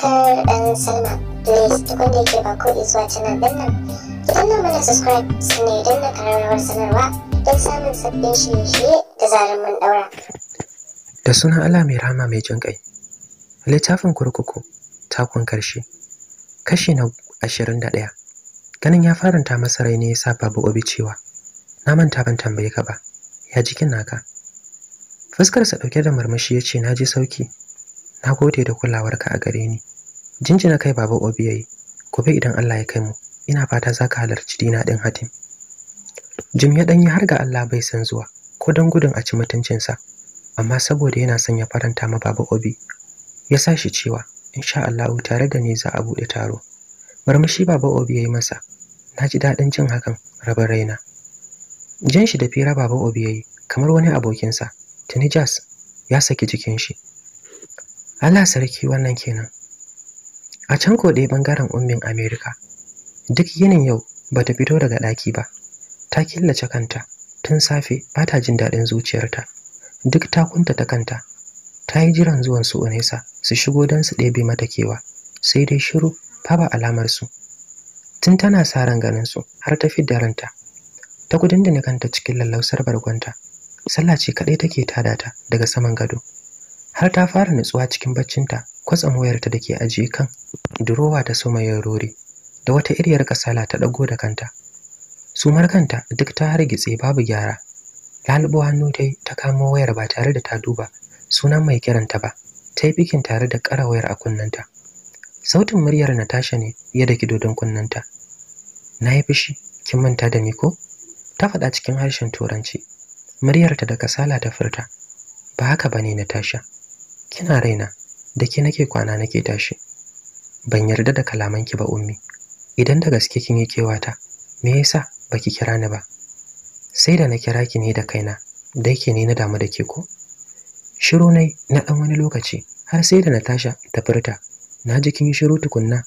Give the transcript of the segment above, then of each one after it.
subscribe and sign up. Please tukun da yake ba ko zuwa canal subscribe sanarwa don samun sabbin da zarar sunan mai mai jin Littafin kurkuku takon karshe. Kashi na ashirin da ɗaya. Ganin ya faranta masa rai ne ya sa babu obi cewa na manta ban tambaye ka ba. Ya jikin naka. Fuskarsa ɗauke da murmushi ya ce na ji sauki. Na gode da kulawarka a gare ni. jinjina kai baba obi yayi gobe idan Allah ya kai mu ina fata zaka halarci dina din hatim jim ya danyi har ga Allah bai san zuwa ko don gudun a ci mutuncinsa amma saboda yana son ya faranta ma baba obi ya sa shi cewa insha Allah tare da ni za a buɗe taro marmashi baba obi ya yi masa na ji dadin jin hakan raba raina jan shi da fira baba obi yayi kamar wani abokinsa tuni jas ya saki jikin shi Allah sarki wannan kenan a can ko ɗaya ummin amerika duk yinin yau bata fito daga ɗaki ba ta killace kanta tun safe ba ta jin daɗin zuciyarta duk ta kunta ta kanta ta yi jiran zuwan su unesa su shigo don su ɗebe mata kewa sai dai shiru faba ba alamarsu. tun tana sa ran ganin su har ta fidda ranta ta ni kanta cikin lallausar bargonta sallah ce kaɗai take tada ta daga saman gado har ta fara nutsuwa cikin baccinta kwatsam wayarta da ke ajiye kan durowa ta soma yin rori da wata iriyar kasala ta ɗago da kanta sumar kanta duk ta hargitse babu gyara lalubo hannu dai ta kamo wayar ba tare da ta duba sunan mai kiranta ba ta yi bikin tare da kara wayar a kunnanta sautin muryar natasha ne ya daki kidodon kunnanta na yi fushi kin manta da ni ko ta faɗa cikin harshen turanci muryarta da kasala ta furta ba haka ba ne natasha kina raina da ke nake kwana nake tashi ban yarda da kalamanki ba ummi idan da gaske kin yi kewata me yasa baki kira ni ba sai da na kira ki ne da kaina dai ke ne na damu da ke ko shiru nai na dan wani lokaci har sai da Natasha ta furta na ji kin yi shiru tukunna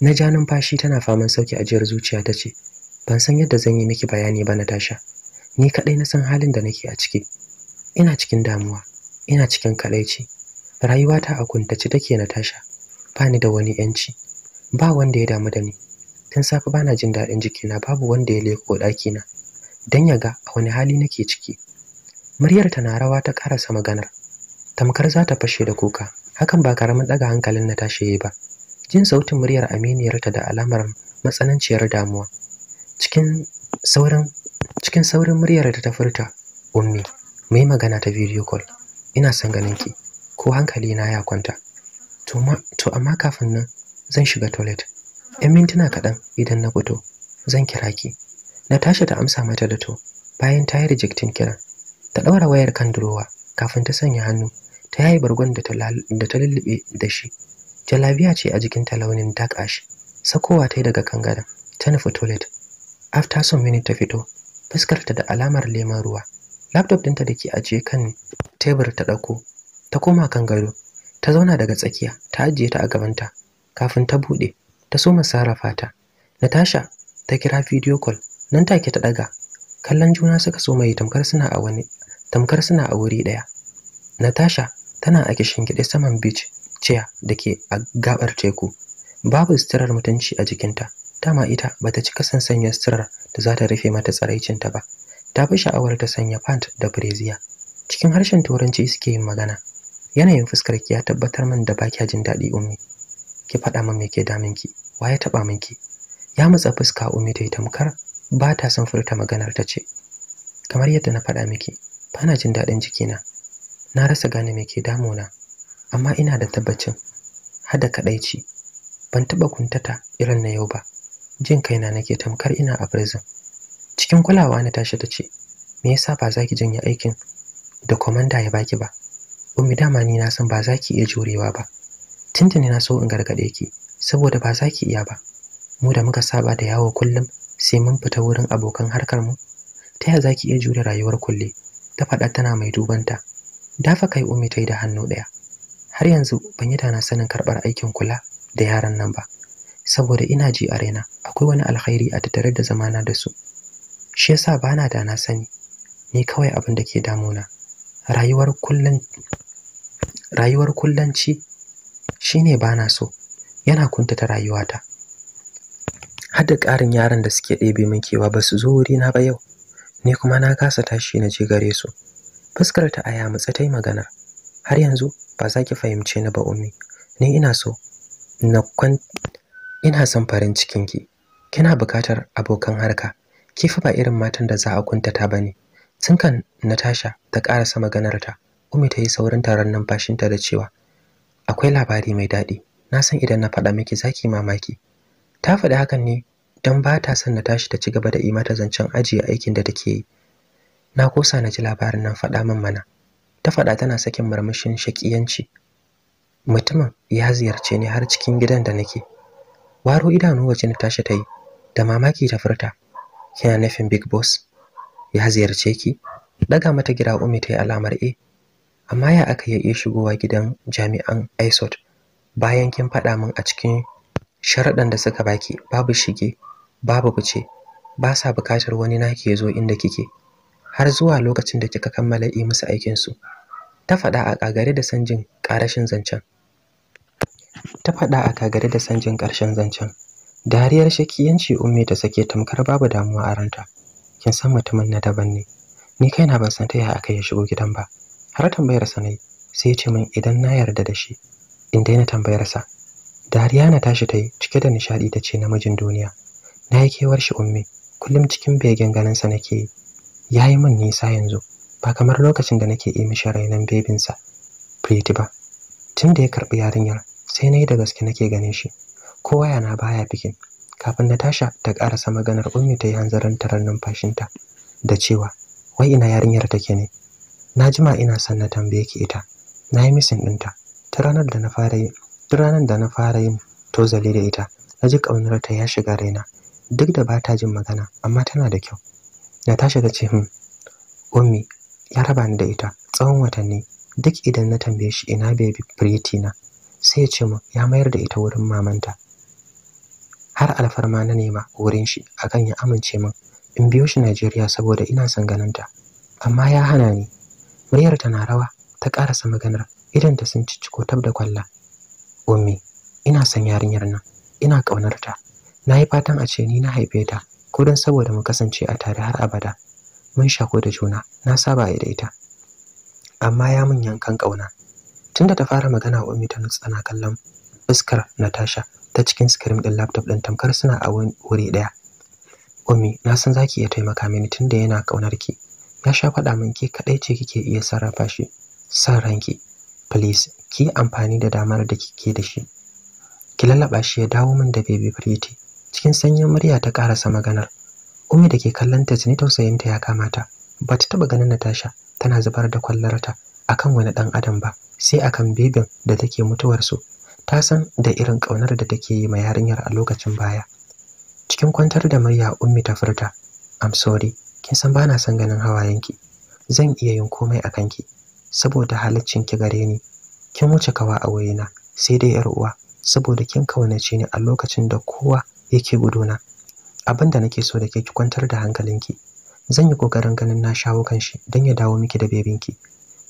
na ja numfashi tana faman sauki ajiyar zuciya ta ce ban san yadda zan yi miki bayani ba na tasha. ni kadai na san halin da nake a ciki ina cikin damuwa ina cikin kadaici Rayuwata a kuntace take Natasha. Ba ni da wani ‘yanci. Ba wanda ya damu da ni. Tun safi bana jin daɗin jikina babu wanda ya leko ɗakina. Don ya ga a wani hali nake ciki. Muryar ta na rawa ta karasa maganar. Tamkar za ta fashe da kuka. Hakan ba karamin ɗaga hankalin tashi ya yi ba. Jin sautin muryar aminiyarta da alamar matsananciyar damuwa. Cikin saurin cikin saurin muryar ta ta furta, "Ummi, mu magana ta video call. Ina son ganin ki." ko hankali na ya kwanta to amma kafin nan zan shiga toilet yan mintuna kaɗan idan na fito zan kira ki na tashi ta amsa mata da to bayan ta yi rijiktin kiran ta ɗaura wayar kan durowa kafin ta sanya hannu ta yayi bargon da ta lulluɓe da shi jalabiya ce a jikinta launin dark ash sakowa ta yi daga kan gadon ta nufi toilet after some minute ta fito fuskarta da alamar leman ruwa laptop ɗinta da ke ajiye kan tebur ta ɗauko ta koma kan gado ta zauna daga tsakiya ta ajiye ta a gabanta kafin ta buɗe ta soma sarrafa ta Natasha ta kira video call nan take ta daga kallon juna suka so mai tamkar suna a wani tamkar suna a wuri daya Natasha tana a gide saman beach chair dake a gabar teku babu sitirar mutunci a jikinta dama ita bata cika san sanya sitirar da za ta rufe mata tsaraicinta ba ta fi sha'awar ta sanya pant da brazier cikin harshen turanci suke yin magana yanayin fuskar ki ya tabbatar min da baki jin daɗi ummi ki faɗa min me ke damin ki wa ya taɓa minki ya matsa fuska ummi ta yi tamkar ba ta son furta maganar ta ce kamar yadda na faɗa miki ba na jin daɗin jikina na rasa gane me ke damuna amma ina da tabbacin hada kadaici ban taɓa kuntata irin na yau ba jin kaina nake tamkar ina a prison cikin kulawa na tashi ta ce me yasa ba za ki janye aikin da komanda ya baki ba ummi dama ni na san ba za ki iya jurewa ba tuntuni na so in gargaɗe ki saboda ba za ki iya ba mu da muka saba da yawo kullum sai mun fita wurin abokan harkar mu ta yaya za ki iya jure rayuwar kulle ta faɗa tana mai dubanta dafa kai ummi ta yi da hannu ɗaya har yanzu ban yi dana sanin karɓar aikin kula da yaran nan ba saboda ina ji a raina akwai wani alkhairi a tattare da zamana da su shi yasa bana da na sani ni kawai abin da ke damuna rayuwar kullum rayuwar kullanci shine bana so yana kuntata rayuwata har da ƙarin yaran da suke ɗebe min kewa ba su zo wurina ba yau ni kuma na kasa tashi na je gare su fuskar ta aya mutsa ta yi magana, har yanzu ba za ki fahimce ni ba ummi ni ina so na kwan ina son farin cikin ki kina buƙatar abokan harka kifi ba irin matan da za a kuntata ba ne sun kan Natasha ta ƙarasa maganar ta Umi ta yi saurin taron numfashinta da cewa akwai labari mai daɗi na san idan na faɗa miki zaki mamaki ta faɗi hakan ne don ba ta son na tashi ta ci gaba da imata mata zancen ajiye aikin da take yi na kosa na ji labarin nan faɗa min mana ta faɗa tana sakin murmushin shakiyanci mutumin ya ziyarce ni har cikin gidan da nake waro idanu waje na tashi ta yi da mamaki ta furta kina nufin big boss ya ziyarce ki daga mata gida umi ta yi alamar e Amma ya aka ya shigowa gidan jami'an ISOT bayan kin faɗa min a cikin sharaɗan da suka baki babu shige, babu fice, ba sa buƙatar wani naki ya zo inda kike har zuwa lokacin da kika kammala yi musu aikinsu. Ta faɗa a kagare da sanjin ƙarashin zancen. Ta faɗa a kagare da sanjin ƙarshen zancen. Dariyar shakiyanci umme ta sake tamkar babu damuwa a ranta. Kin san mutumin na daban ne. Ni kaina ban san ta yaya aka ya shigo gidan ba. har tambayar sa nayi sai ya ce min idan na yarda da shi in daina tambayar sa dariya na tashi ta yi cike da nishadi ta ce namijin duniya na yi kewar shi ummi kullum cikin begen ganin sa nake ya yi min nisa yanzu ba kamar lokacin da nake yi mishi rainon bebinsa pretty ba tunda ya karɓi yarinyar sai na yi da gaske nake ganin shi ko wayana baya fikin kafin na tasha ta ƙarasa maganar ummi ta yi hanzarin tarar numfashinta da cewa wai ina yarinyar take ne na jima ina son na tambaye ki ita na yi misin ɗinta ta ranar da na fara yi ta ranar da na fara yin tozali da ita na ji ta ya shiga raina duk da ba ta jin magana amma tana da kyau na tashi da ce hin hmm, ummi ya raba ni da ita tsawon watanni duk idan na tambaye shi ina baby pretty na sai ya ce mu ya mayar da ita wurin mamanta har alfarma na nema wurin shi akan ya amince min in biyo shi Najeriya saboda ina son ganin ta amma ya hana ni muryar ta na rawa ta karasa maganar idan ta sun cicciko tab da kwalla ummi ina son yarinyar nan ina kaunar ta nayi fatan a ce ni na haife ta ko dan saboda mu kasance a tare har abada mun shako da juna na saba a da ita amma ya mun yankan kauna tunda ta fara magana ummi ta nutsa na kallon fuskar Natasha ta cikin screen din laptop din tamkar suna a wuri daya ummi na san zaki iya taimaka mini tunda yana kaunar ki ya sha faɗa min ke kaɗai ce kike iya sarrafa shi san ranki please ki yi amfani da damar da kike da shi ki lallaɓa shi ya dawo min da baby pretty cikin sanyin murya ta ƙarasa maganar umi da ke kallon ta tuni tausayinta ya kamata ba ta taɓa ganin natasha tana zubar da kwallarta akan wani ɗan adam ba sai akan bebin da take mutuwarsu ta san da irin ƙaunar da take yi ma yarinyar a lokacin baya cikin kwantar da murya ummi ta furta i'm sorry kin san bana son ganin hawayenki zan iya yin komai a kanki saboda halaccin ki gare ni kin wuce kawa a wurina sai dai yar uwa saboda kin kaunace ni a lokacin da kowa yake guduna abin da nake so da ke ki kwantar da hankalinki zan yi kokarin ganin na shawo kan shi don ya dawo miki da bebinki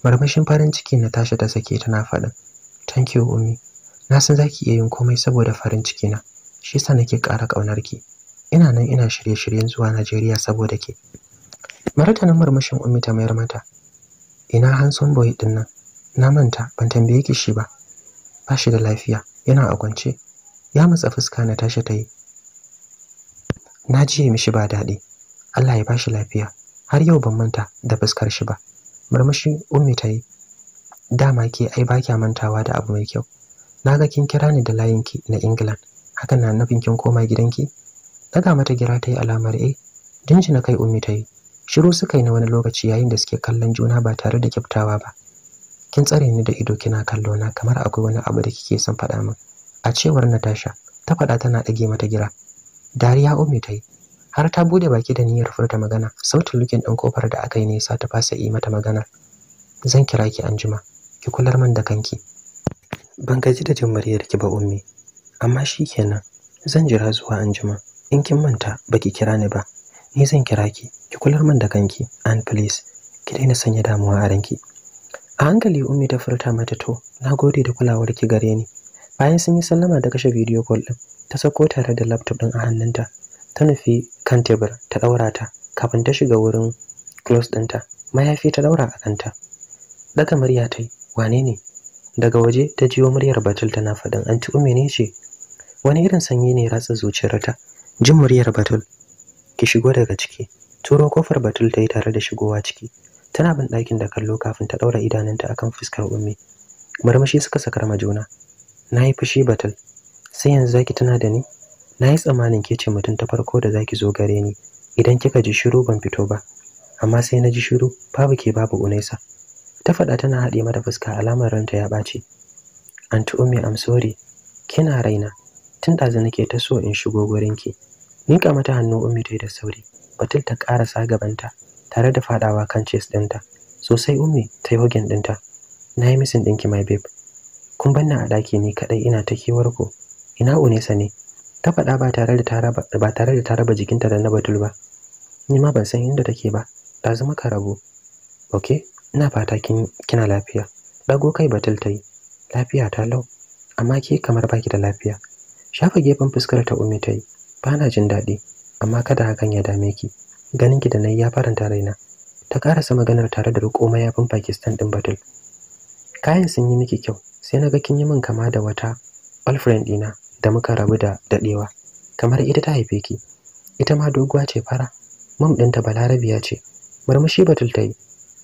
marmashin farin ciki na tashi ta sake tana faɗin thank you ummi na san zaki iya yin komai saboda farin ciki na shi sa nake ƙara ƙaunarki. ina nan ina shirye-shiryen zuwa Najeriya saboda ke martanin murmushin ummi ta mayar mata ina hanson boy din nan na manta ban tambaye ki shi ba ba shi da lafiya yana a kwance ya matsa fuska na tashi ta yi na ji mishi ba daɗi Allah ya bashi lafiya har yau ban manta da fuskar shi ba murmushi ummi ta yi dama ke ai ba kya mantawa da abu mai kyau na ga kin kira ni da layinki na England hakan na nufin kin koma gidanki daga mata gira ta yi alamar eh na kai ummi ta yi shiru suka yi na wani lokaci yayin da suke kallon juna ba tare da kyaftawa ba kin tsare ni da ido kina kallo na kamar akwai wani abu da kike son faɗa min a cewar Natasha ta faɗa tana dage mata gira dariya umi ta har ta bude baki da niyyar furta magana sautin lukin ɗin kofar da aka yi nesa ta fasa yi mata magana zan kira ki anjima ki kular man da kanki ban gaji da jin muryar ki ba ummi amma shikenan zan jira zuwa anjima in kin manta baki kira ni ba Ni eh, zan kira ki, ki kular min da kanki, and please, ki daina sanya damuwa a ranki. A hankali Ummi ta furta mata to, na gode da kulawar ki gare ni. Bayan sun yi sallama da kashe bidiyo call ɗin, ta sako tare da laptop ɗin a hannunta. Ta nufi kan tebur ta ɗaura ta kafin ta shiga wurin close ɗinta. Mayafi ta ɗaura a kanta. Daga murya ta yi, wane ne? Daga waje ta jiwo muryar Batul tana faɗin, anti Ummi ne ce. Wani irin sanyi ne ratsa zuciyarta. Jin muryar Batul ki shigo daga ciki turo kofar batul ta yi tare da shigowa ciki tana bin ɗakin da kallo kafin ta ɗaura idanunta akan fuskar ummi marmashi suka sakar ma juna na yi fushi batul sai yanzu zaki tana da ni na yi tsammanin ke ce mutum ta farko da zaki zo gare ni idan kika ji shiru ban fito ba amma sai na ji shiru babu ke babu unaisa ta faɗa tana haɗe mata fuska alamar ranta ya ɓaci anti ummi am sorry kina raina tun ɗazu nake ta so in shigo gurin ki Miƙa mata hannu Ummi ta yi da sauri. Batul ta ƙarasa gabanta tare da faɗawa kan chest ɗinta. Sosai Ummi ta yi hogin ɗinta. Na yi misin ɗinki my babe. Kun banna a ɗaki ne kaɗai ina ta kewar ku. Ina Unesa ne. Ta faɗa ba tare da ta raba ba tare da ta jikinta da na Batul ba. Ni ma ban san inda take ba. Ɗazu ka rabu. Ok, ina fata kin kina lafiya. Ɗago kai Batul ta yi. Lafiya ta lau. Amma ke kamar baki da lafiya. Shafa gefen fuskar ta Ummi ta yi. Bana jin daɗi amma kada hakan ya dame ki ganin ki da nayi ya faranta raina ta karasa maganar tare da riko mayafin Pakistan din Batul kayan sun yi miki kyau sai na ga kin yi min kama da wata girlfriend dina da muka rabu da dadewa kamar ita ta haife ki ita ma doguwa ce fara mum ɗinta balarabiya ce murmushi Batul ta yi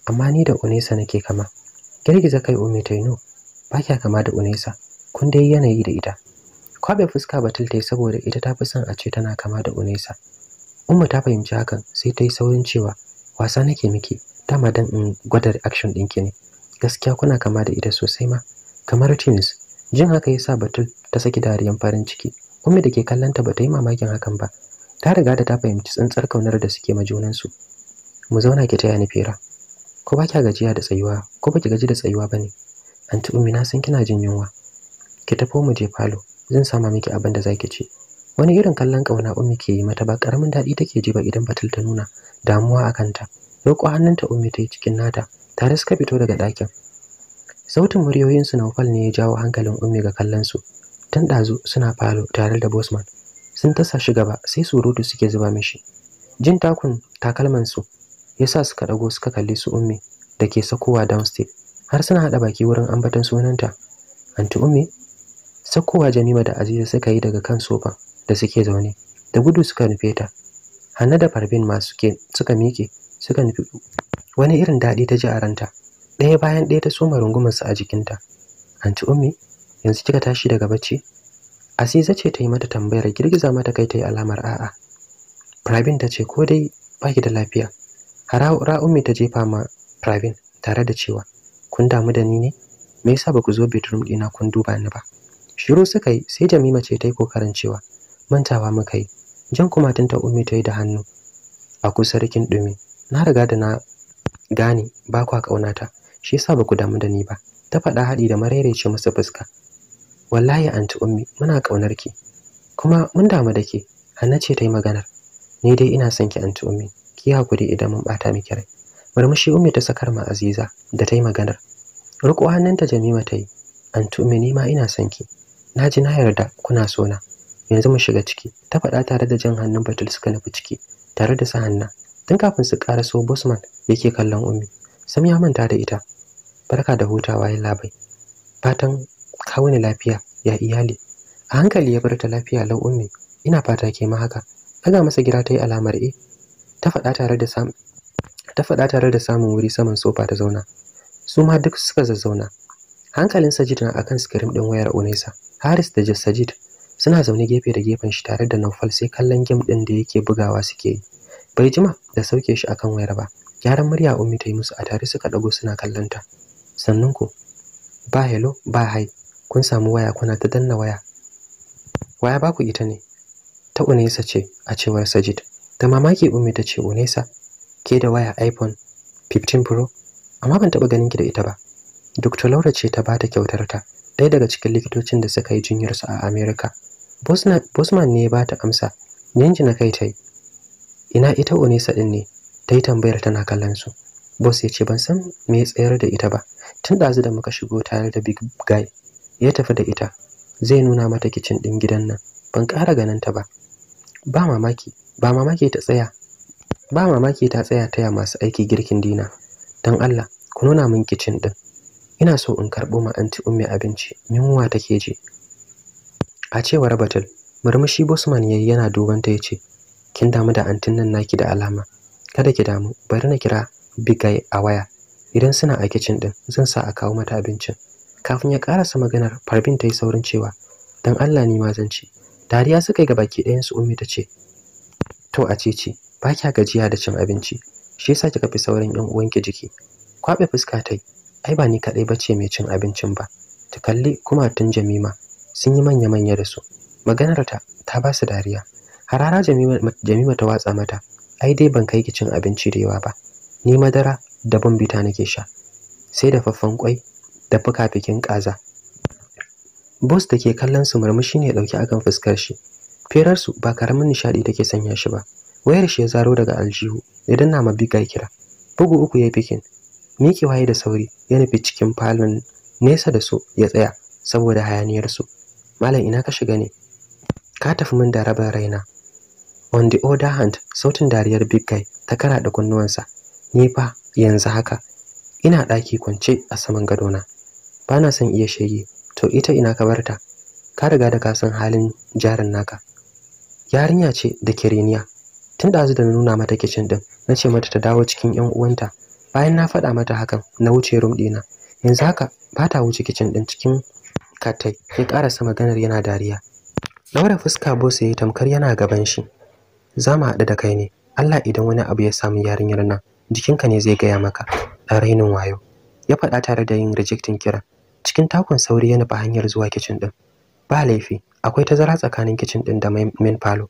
amma ni da Unesa nake kama girgiza kai tai Taino ba kya kama da Unesa kun dai yanayi da ita kwabe fuska batul ta saboda ita ta fi son a ce tana kama da unesa umma ta fahimci hakan sai ta yi saurin cewa wasa nake miki dama dan in gwada reaction ɗinki ne gaskiya kuna kama da ita sosai ma kamar twins jin haka ya sa batul ta saki dariyan farin ciki umma da ke kallonta ba ta yi mamakin hakan ba ta riga da ta fahimci tsantsar kaunar da suke ma junansu mu zauna ki taya ni fira ko ba kya gajiya da tsayuwa ko ba ki gaji da tsayuwa ba ne. anti umina na san kina jin yunwa ki tafo mu je falo zan sama miki abin da zaki ci wani irin kallon kauna ummi ke yi mata ba karamin daɗi take ji ba idan batul ta nuna damuwa a kanta roƙo hannunta ummi ta yi cikin nata tare suka fito daga ɗakin sautin muryoyin su naufal ne ya jawo hankalin ummi ga kallon su tun ɗazu suna falo tare da bosman sun tasa shi gaba sai surutu suke zuba mishi jin takun takalman su yasa suka dago suka kalli su ummi da ke sakowa downstate har suna haɗa baki wurin ambaton sunanta anti ummi sakkowa Jamima da Aziza suka yi daga kan sofa da suke zaune da gudu suka nufe ta Hanna da Farbin ma suke suka miƙe suka nufi wani irin daɗi ta ji a ranta ɗaya bayan ɗaya ta soma rungumar su a jikinta anti ummi yanzu kika tashi daga bacci Aziza ce ta yi mata tambayar girgiza mata kai ta yi alamar a'a Farbin ta ce ko dai baki da lafiya Hara ummi ta jefa ma Farbin tare da cewa kun damu da ni ne me yasa ba ku zo bedroom ɗina kun duba ni ba shiru suka yi sai jamima ce ta yi kokarin cewa mantawa muka yi jan tunta umi ta yi da hannu a kusa rikin dumi. na riga da na gane ba kwa ƙaunata shi yasa ba ku damu da ni ba ta faɗa haɗi da marairaice musu fuska wallahi anti ummi muna ƙaunar ki kuma mun damu da ke hanna ce ta yi maganar ni dai ina son ki anti ummi ki hakuri idan mun ɓata miki rai murmushi ummi ta sakar ma aziza da ta yi maganar riƙo hannunta jamima ta yi anti ummi ni ma ina son ki na ji na yarda kuna so na yanzu mu shiga ciki ta faɗa tare da jan hannun batul suka nufi ciki tare da sa hannu. tun kafin su ƙara so bosman yake kallon ummi sam ya manta da ita barka da hutawa ya labai fatan wani lafiya ya iyali a hankali ya bar ta lafiya lau ummi ina fata ke ma haka daga masa gira ta yi alamar e ta faɗa tare da samun wuri saman sofa ta zauna su ma duk suka zazzauna hankalin sajid na akan sikirim ɗin wayar unesa Haris da jassajid suna zaune gefe da gefen shi tare da Naufal sai kallon game din da yake bugawa suke yi. Bai jima da sauke shi akan wayar ba. Gyaran murya Ummi ta yi musu a tare suka dago suna kallon ta. Sannan ku ba hello ba hai kun samu waya kuna ta danna waya. Waya ba ku ita ne. Ta Unesa ce a cewar Sajid. Da mamaki Ummi ta ce Unesa ke da waya iPhone 15 Pro amma ban taɓa ganin ki da ita ba. Dr. Laura ce ta bata kyautar ta Daya daga cikin likitocin da suka yi jinyarsu a Amerika. Bosman ne ya ba ta amsa, na kai ta yi. Ina ita Onesa ɗin ne, ta yi tambayar tana kallon su. Bos ya ce ban san me ya tsayar da ita ba, tun ɗazu da muka shigo tare da Big Guy. Ya tafi da ita, zai nuna mata kicin ɗin gidan nan, ban ƙara ganin ta ba. Ba mamaki, ba mamaki ta tsaya. Ba mamaki ta tsaya taya masu aiki girkin dina. Don Allah, ku nuna min kicin ɗin. ina so in karɓo ma anti ummi abinci yunwa take ji a cewar batul murmushi bosman yayi yana duban ta yace kin damu da antin nan naki da alama kada ki damu bari na kira bigai a waya idan suna a kitchen din zan sa a kawo mata abincin kafin ya karasa maganar farbin ta yi saurin cewa dan Allah ni ma zan ci dariya suka yi ga baki ɗayan su ummi ta ce to a cece ba kya gajiya da cin abinci shi yasa kika fi saurin yan uwanki jiki kwabe fuska ta ai ba ni kaɗai ba ce mai cin abincin ba ta kalli tun jamima sun yi manya-manya da su maganarta ta ba su dariya harara jamima ta watsa mata ai dai ban kai ki cin abinci da yawa ba ni madara da bita nake sha sai da faffan kwai da fuka-fikin kaza boss da ke kallon su murmushi ne dauki akan fuskar shi firar su ba karamin nishadi take sanya shi ba wayar shi ya zaro daga aljihu ya danna ma kira bugu uku yayi fikin miki waye da sauri ya nufi cikin falon nesa da su ya tsaya saboda hayaniyar su malam ina ka shiga ne ka tafi min da rabar raina on the other hand sautin dariyar big guy ta kara da kunnuwansa ni fa yanzu haka ina daki kwance a saman gadona ba na son iya shege to ita ina ka barta ka riga da ka san halin jarin naka yarinya ce da kireniya. tun da ɗazu da nuna mata kicin ɗin nace mata ta dawo cikin 'yan uwanta bayan na faɗa mata hakan na wuce room ɗina yanzu haka ba ta wuce kicin ɗin cikin katai ya ƙarasa maganar yana dariya Laura fuska bose ya tamkar yana gaban shi za mu haɗu da kai ne Allah idan wani abu ya samu yarinyar nan jikinka ne zai gaya maka ɗan rainin wayo ya faɗa tare da yin rejectin kira cikin takun sauri ya nufa hanyar zuwa kicin ɗin ba laifi akwai tazara tsakanin kicin ɗin da main falo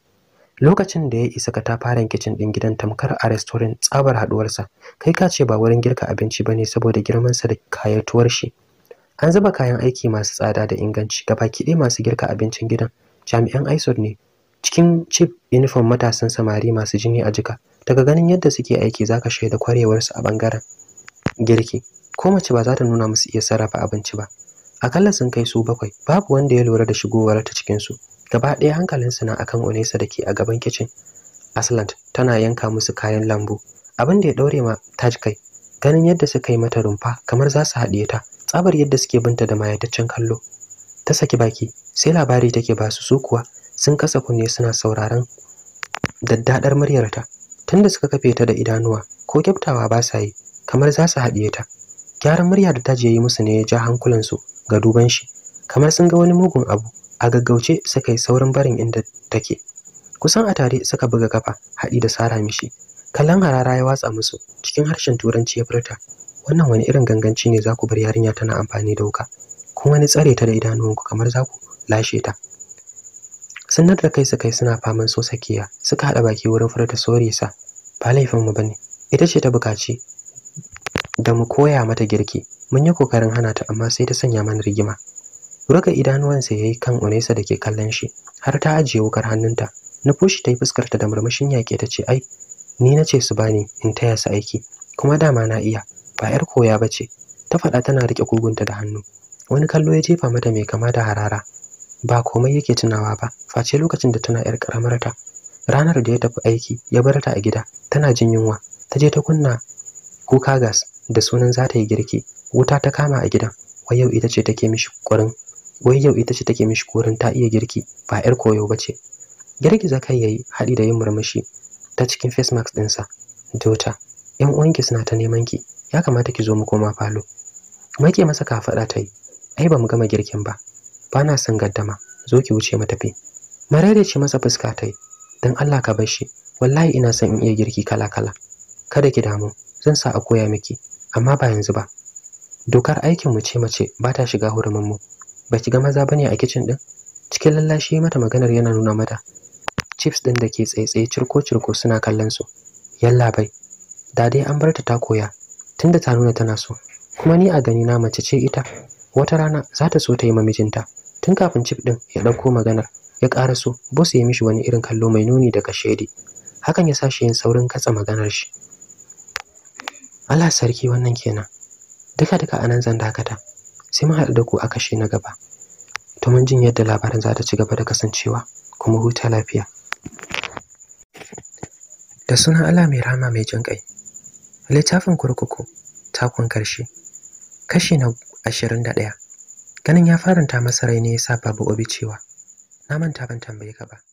lokacin da ya isa katafaren kicin din gidan tamkar a restaurant tsabar haduwarsa kai ka ce ba wurin girka abinci ba ne saboda girmansa da kayatuwar shi an zuba kayan aiki masu tsada da inganci gaba kiɗe masu girka abincin gidan jami'an isod ne cikin chief uniform matasan samari masu jini a jika daga ganin yadda suke aiki zaka shaida kwarewarsu a bangaren girki ko mace ba za ta nuna musu iya sarrafa abinci ba akalla sun kai su bakwai babu wanda ya lura da shigowar ta cikin su gaba ɗaya hankalinsu na akan Onesa da ke a gaban kicin Aslant tana yanka musu kayan lambu abin da ya ɗaure ma Taj kai ganin yadda suka yi mata rumfa kamar za su haɗiye ta tsabar yadda suke binta da mayataccen kallo ta saki baki sai labari take ba su su kuwa sun kasa kunne suna sauraron daddadar muryarta tunda suka kafe ta da idanuwa ko kyaftawa ba sa yi kamar za su haɗiye ta gyaran murya da ta ya yi musu ne ya ja hankulansu ga duban shi kamar sun ga wani mugun abu a gaggauce suka yi saurin barin inda take kusan a tare suka buga kafa haɗi da sara mishi kallon harara ya watsa musu cikin harshen turanci ya furta wannan wani irin ganganci ne za ku bar yarinya tana amfani da wuka kun wani tsare ta da idanuwanku kamar za ku lashe ta sanar da kai suka yi suna faman so sakiya suka haɗa baki wurin furta sori sa ba laifinmu ba ne ita ce ta bukaci da mu koya mata girki mun yi kokarin hana ta amma sai ta sanya mana rigima Ruga idanuwansa ya yi kan Onesa da ke kallon shi, har ta ajiye wukar hannunta. Na fushi ta yi fuskarta da murmushin yaƙe ta ce, ai, ni na ce su bani in taya su aiki, kuma dama na iya, ba 'yar koya ba ce. Ta faɗa tana riƙe kugunta da hannu. Wani kallo ya jefa mata mai kama da harara. Ba komai yake tunawa ba, face lokacin da tana 'yar ƙaramarta. Ranar da ya tafi aiki, ya bar ta a gida, tana jin yunwa. Ta je ta kunna kuka gas da sunan za ta yi girki. Wuta ta kama a gidan, wai yau ita ce take mishi kurin wai yau ita ce take mishi korin ta iya girki ba yar koyo ba ce girgiza kai yayi haɗi da yin murmushi ta cikin face mask dinsa. dota yan uwanki suna ta neman ki ya kamata ki zo mu koma falo ke masa kafaɗa ta yi ai ba mu gama girkin ba Bana na son gaddama zo ki wuce mu tafi marare ce masa fuska ta dan allah ka bar shi wallahi ina son in iya girki kala kala kada ki damu zan sa a koya miki amma ba yanzu ba dokar aikin mu ce mace ba ta shiga hurumin mu baki ga maza bane a kitchen din cikin lallashi mata maganar yana nuna mata chips din da ke tsaitsaye cirko cirko suna kallon su yalla bai da dai an bar ta ta koya tunda ta nuna tana so kuma ni a gani na mace ce ita wata rana za ta so ta yi mamijinta tun kafin chip din ya dauko maganar ya ƙara so boss ya mishi wani irin kallo mai nuni daga shedi hakan ya sa shi yin saurin katsa maganar shi Allah sarki wannan kenan duka duka anan zan dakata sai mu haɗu da ku a kashe na gaba domin jin yadda labarin za ta ci gaba da kasancewa kuma huta lafiya da sunan Allah mai rama mai jin ƙai littafin kurkuku takon karshe kashi na ashirin da ɗaya ganin ya faranta masarai ne ya sa babu obi cewa na manta ban tambaye ka ba